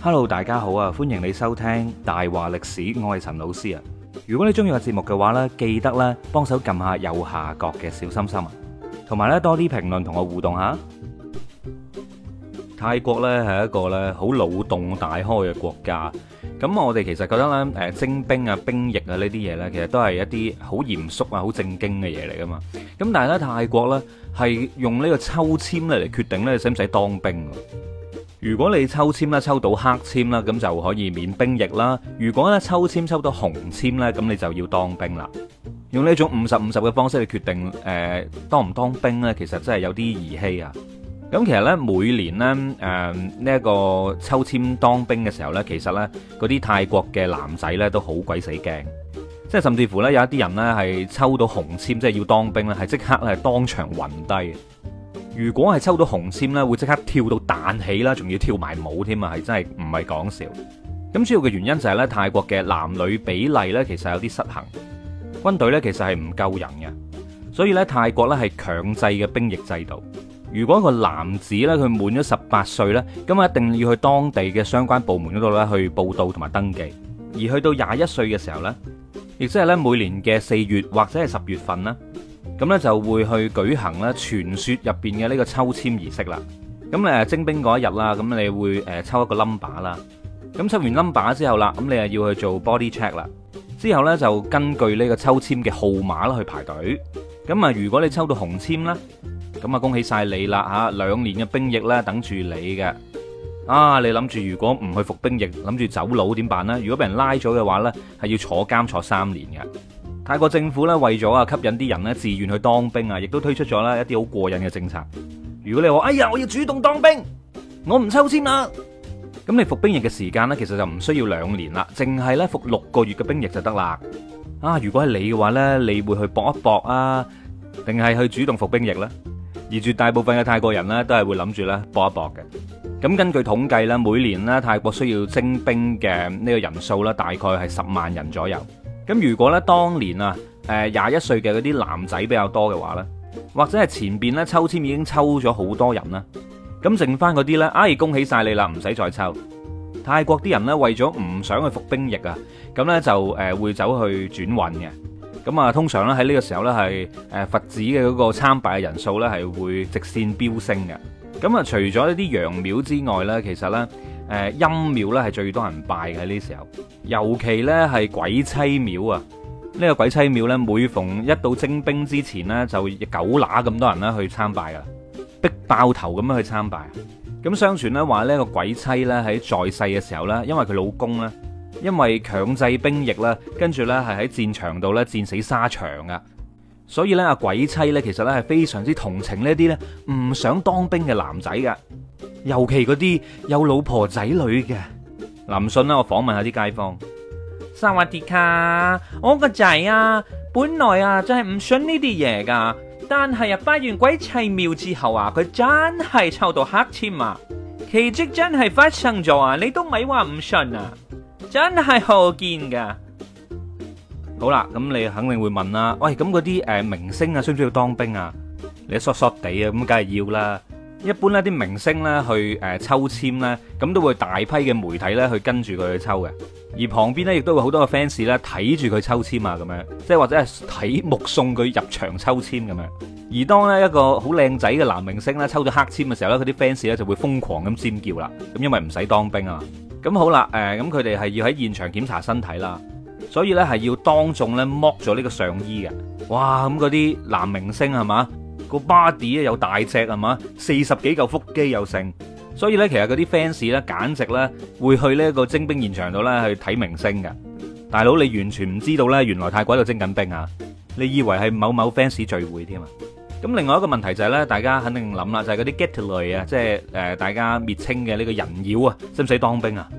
Hello，大家好啊！歡迎你收聽大話歷史，我係陳老師啊！如果你中意我節目嘅話呢，記得咧幫手撳下右下角嘅小心心啊，同埋呢多啲評論同我互動下。泰國呢係一個呢好腦洞大開嘅國家，咁我哋其實覺得呢誒徵兵啊、兵役啊呢啲嘢呢，其實都係一啲好嚴肅啊、好正經嘅嘢嚟噶嘛。咁但係咧泰國呢係用呢個抽籤咧嚟決定咧使唔使當兵。如果你抽籤啦，抽到黑籤啦，咁就可以免兵役啦；如果咧抽籤抽到紅籤咧，咁你就要當兵啦。用呢種五十五十嘅方式去決定誒、呃、當唔當兵咧，其實真係有啲兒戲啊。咁其實咧，每年咧誒呢一、呃這個抽籤當兵嘅時候咧，其實咧嗰啲泰國嘅男仔咧都好鬼死驚，即係甚至乎咧有一啲人咧係抽到紅籤，即、就、係、是、要當兵咧，係即刻咧當場暈低。如果係抽到紅籤呢，會即刻跳到彈起啦，仲要跳埋舞添啊！係真係唔係講笑。咁主要嘅原因就係呢，泰國嘅男女比例呢，其實有啲失衡，軍隊呢，其實係唔夠人嘅，所以呢，泰國呢係強制嘅兵役制度。如果個男子呢，佢滿咗十八歲呢，咁啊一定要去當地嘅相關部門嗰度呢去報到同埋登記。而去到廿一歲嘅時候呢，亦即係呢，每年嘅四月或者係十月份啦。咁呢就會去舉行咧傳說入邊嘅呢個抽籤儀式啦。咁誒徵兵嗰一日啦，咁你會誒抽一個 number 啦。咁抽完 number 之後啦，咁你就要去做 body check 啦。之後呢，就根據呢個抽籤嘅號碼去排隊。咁啊，如果你抽到紅籤咧，咁啊恭喜晒你啦嚇！兩年嘅兵役咧等住你嘅。啊，你諗住如果唔去服兵役，諗住走佬點辦呢？如果畀人拉咗嘅話呢，係要坐監坐三年嘅。泰國政府咧為咗啊吸引啲人咧自願去當兵啊，亦都推出咗咧一啲好過癮嘅政策。如果你話哎呀，我要主動當兵，我唔抽籤啦，咁你服兵役嘅時間咧其實就唔需要兩年啦，淨係咧服六個月嘅兵役就得啦。啊，如果係你嘅話咧，你會去搏一搏啊，定係去主動服兵役咧？而絕大部分嘅泰國人咧都係會諗住咧搏一搏嘅。咁根據統計咧，每年咧泰國需要徵兵嘅呢個人數咧大概係十萬人左右。咁如果咧當年啊，誒廿一歲嘅嗰啲男仔比較多嘅話咧，或者係前邊咧抽籤已經抽咗好多人啦，咁剩翻嗰啲咧，啊、哎、恭喜晒你啦，唔使再抽。泰國啲人咧為咗唔想去服兵役啊，咁咧就誒會走去轉運嘅。咁啊，通常咧喺呢個時候咧係誒佛寺嘅嗰個參拜嘅人數咧係會直線飆升嘅。咁啊，除咗一啲洋廟之外咧，其實咧。誒，陰廟咧係最多人拜嘅呢時候，尤其呢係鬼妻廟啊！呢個鬼妻廟咧，每逢一到徵兵之前呢，就狗乸咁多人啦去參拜噶啦，逼爆頭咁樣去參拜。咁相傳咧話呢個鬼妻呢，喺在世嘅時候呢，因為佢老公呢，因為強制兵役咧，跟住呢係喺戰場度呢戰死沙場噶。所以咧，阿鬼妻咧，其實咧係非常之同情呢啲咧唔想當兵嘅男仔噶，尤其嗰啲有老婆仔女嘅。唔信啦，我訪問下啲街坊。薩瓦迪卡，我個仔啊，本來啊真係唔信呢啲嘢噶，但係啊拜完鬼妻廟之後啊，佢真係抽到黑簽啊，奇蹟真係發生咗啊！你都咪話唔信啊，真係好見噶。好啦，咁你肯定會問啦、啊，喂，咁嗰啲誒明星啊，需唔需要當兵啊？你傻傻地啊，咁梗係要啦。一般呢啲明星呢，去誒、呃、抽籤呢，咁都會大批嘅媒體呢去跟住佢去抽嘅，而旁邊呢，亦都會好多嘅 fans 咧睇住佢抽籤啊，咁樣，即係或者係睇目送佢入場抽籤咁樣。而當呢一個好靚仔嘅男明星呢，抽咗黑籤嘅時候呢，佢啲 fans 咧就會瘋狂咁尖叫啦、啊，咁因為唔使當兵啊。咁好啦，誒、呃，咁佢哋係要喺現場檢查身體啦。所以咧係要當眾咧剝咗呢個上衣嘅，哇！咁嗰啲男明星係嘛，個 body 有大隻係嘛，四十幾嚿腹肌有剩，所以咧其實嗰啲 fans 咧簡直咧會去呢一個徵兵現場度咧去睇明星嘅。大佬你完全唔知道咧，原來泰國度徵緊兵啊！你以為係某某 fans 聚會添啊？咁另外一個問題就係咧，大家肯定諗啦，就係嗰啲 get 類啊，即係誒大家滅清嘅呢個人妖啊，使唔使當兵啊？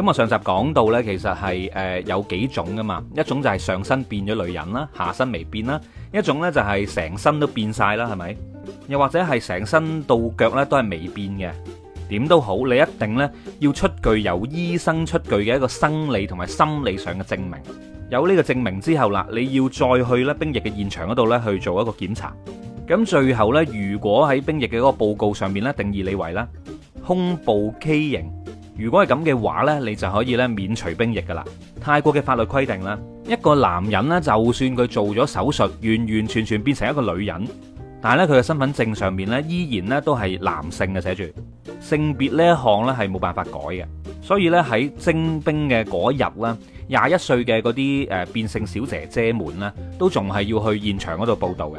咁我上集講到呢，其實係誒有幾種噶嘛，一種就係上身變咗女人啦，下身未變啦；一種呢就係成身都變晒啦，係咪？又或者係成身到腳呢都係未變嘅？點都好，你一定呢要出具由醫生出具嘅一個生理同埋心理上嘅證明。有呢個證明之後啦，你要再去呢兵役嘅現場嗰度呢去做一個檢查。咁最後呢，如果喺兵役嘅嗰個報告上面呢定義你為啦胸部畸形。如果係咁嘅話呢，你就可以咧免除兵役噶啦。泰國嘅法律規定啦，一個男人咧，就算佢做咗手術，完完全全變成一個女人，但係咧佢嘅身份證上面咧依然咧都係男性嘅寫住。性別呢一項咧係冇辦法改嘅。所以咧喺徵兵嘅嗰日咧，廿一歲嘅嗰啲誒變性小姐姐們咧，都仲係要去現場嗰度報到嘅。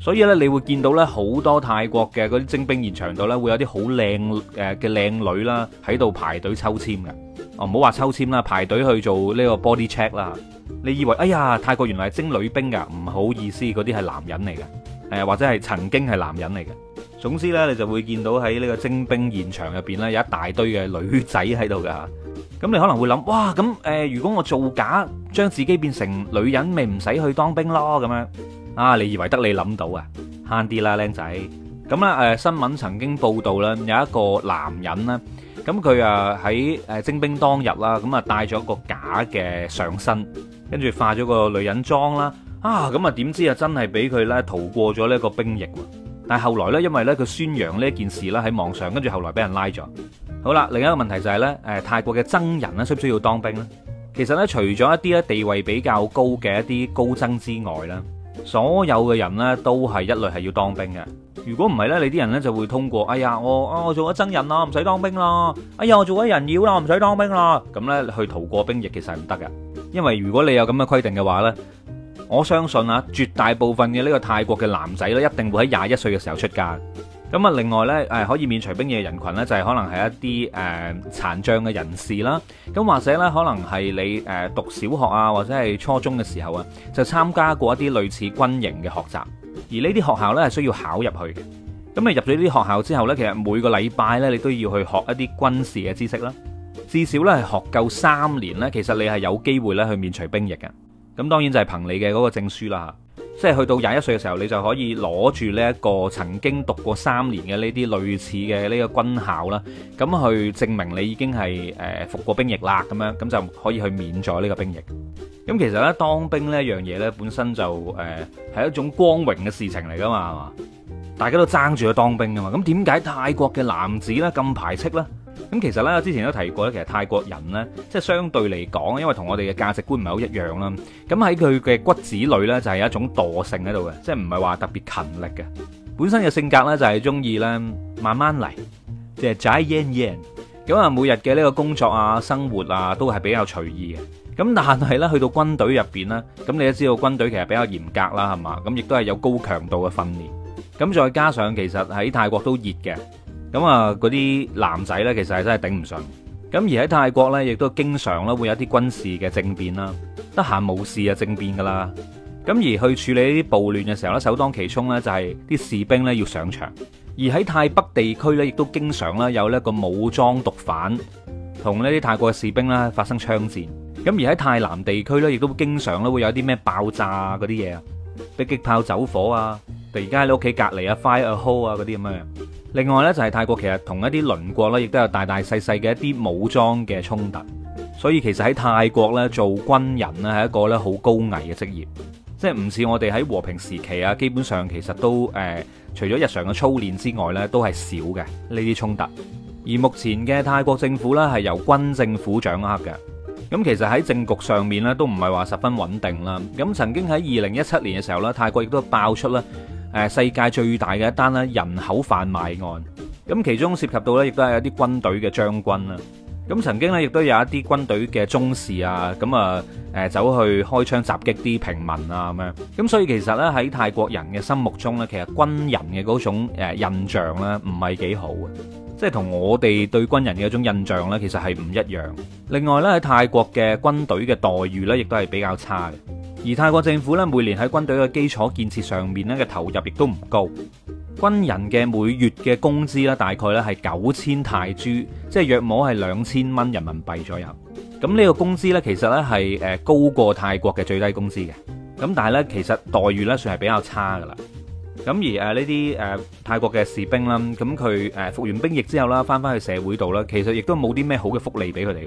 所以咧，你會見到咧好多泰國嘅嗰啲徵兵現場度咧，會有啲好靚誒嘅靚女啦喺度排隊抽籤嘅。哦，唔好話抽籤啦，排隊去做呢個 body check 啦。你以為哎呀，泰國原來係徵女兵㗎？唔好意思，嗰啲係男人嚟嘅，誒或者係曾經係男人嚟嘅。總之咧，你就會見到喺呢個徵兵現場入邊咧，有一大堆嘅女仔喺度噶。咁你可能會諗，哇！咁誒，如果我造假，將自己變成女人，咪唔使去當兵咯咁樣。啊，你以為得你諗到啊？慳啲啦，靚仔。咁啦，誒新聞曾經報道啦，有一個男人咧，咁佢啊喺誒徵兵當日啦，咁啊帶咗個假嘅上身，跟住化咗個女人妝啦。啊，咁啊點知啊真係俾佢咧逃過咗呢一個兵役喎。但係後來咧，因為咧佢宣揚呢件事咧喺網上，跟住後來俾人拉咗。好啦，另一個問題就係咧，誒，泰國嘅僧人咧需唔需要當兵咧？其實咧，除咗一啲咧地位比較高嘅一啲高僧之外咧，所有嘅人咧都係一律係要當兵嘅。如果唔係咧，你啲人咧就會通過，哎呀我啊我做咗僧人啦，唔使當兵啦，哎呀我做咗人妖啦，唔使當兵啦。咁咧去逃過兵役其實係唔得㗎，因為如果你有咁嘅規定嘅話咧。我相信啊，絕大部分嘅呢個泰國嘅男仔咧，一定會喺廿一歲嘅時候出家。咁啊，另外咧，誒可以免除兵役嘅人群咧，就係可能係一啲誒殘障嘅人士啦。咁或者咧，可能係你誒讀小學啊，或者係初中嘅時候啊，就參加過一啲類似軍營嘅學習。而呢啲學校呢係需要考入去嘅。咁啊，入咗呢啲學校之後呢，其實每個禮拜呢，你都要去學一啲軍事嘅知識啦。至少呢係學夠三年呢，其實你係有機會咧去免除兵役嘅。咁當然就係憑你嘅嗰個證書啦，即係去到廿一歲嘅時候，你就可以攞住呢一個曾經讀過三年嘅呢啲類似嘅呢個軍校啦，咁去證明你已經係誒服過兵役啦，咁樣咁就可以去免咗呢個兵役。咁其實呢，當兵呢一樣嘢呢，本身就誒係一種光榮嘅事情嚟㗎嘛，係嘛？大家都爭住去當兵㗎嘛。咁點解泰國嘅男子呢咁排斥呢？咁其實咧，之前都提過咧，其實泰國人呢，即係相對嚟講，因為同我哋嘅價值觀唔係好一樣啦。咁喺佢嘅骨子裏呢，就係、是、一種惰性喺度嘅，即係唔係話特別勤力嘅。本身嘅性格呢，就係中意呢，慢慢嚟，即係齋 en。咁啊，每日嘅呢個工作啊、生活啊，都係比較隨意嘅。咁但係呢，去到軍隊入邊呢，咁你都知道軍隊其實比較嚴格啦，係嘛？咁亦都係有高強度嘅訓練。咁再加上其實喺泰國都熱嘅。咁啊，嗰啲男仔呢，其實係真係頂唔順。咁而喺泰國呢，亦都經常咧會有啲軍事嘅政變啦。得閒冇事啊，政變噶啦。咁而去處理啲暴亂嘅時候咧，首當其衝呢就係啲士兵呢要上場。而喺泰北地區呢，亦都經常呢有呢一個武裝毒販同呢啲泰國嘅士兵呢發生槍戰。咁而喺泰南地區呢，亦都經常咧會有啲咩爆炸嗰啲嘢啊，迫擊炮走火啊，突然間喺你屋企隔離啊 fire a hole 啊嗰啲咁樣。另外呢就係泰國其實同一啲鄰國呢亦都有大大細細嘅一啲武裝嘅衝突，所以其實喺泰國呢做軍人呢係一個呢好高危嘅職業，即係唔似我哋喺和平時期啊，基本上其實都誒、呃、除咗日常嘅操練之外呢都係少嘅呢啲衝突。而目前嘅泰國政府呢係由軍政府掌握嘅，咁其實喺政局上面呢都唔係話十分穩定啦。咁曾經喺二零一七年嘅時候呢，泰國亦都爆出啦。誒世界最大嘅一單啦，人口販賣案，咁其中涉及到咧，亦都係一啲軍隊嘅將軍啦。咁曾經咧，亦都有一啲軍隊嘅中士啊，咁啊誒走去開槍襲擊啲平民啊咁樣。咁所以其實咧，喺泰國人嘅心目中咧，其實軍人嘅嗰種印象咧，唔係幾好嘅，即係同我哋對軍人嘅嗰種印象咧，其實係唔一樣。另外咧，喺泰國嘅軍隊嘅待遇咧，亦都係比較差嘅。而泰國政府咧，每年喺軍隊嘅基礎建設上面咧嘅投入亦都唔高，軍人嘅每月嘅工資咧，大概咧係九千泰銖，即係約摸係兩千蚊人民幣左右。咁呢個工資咧，其實咧係誒高過泰國嘅最低工資嘅。咁但係咧，其實待遇咧算係比較差㗎啦。咁而誒呢啲誒泰國嘅士兵啦，咁佢誒服完兵役之後啦，翻翻去社會度啦，其實亦都冇啲咩好嘅福利俾佢哋。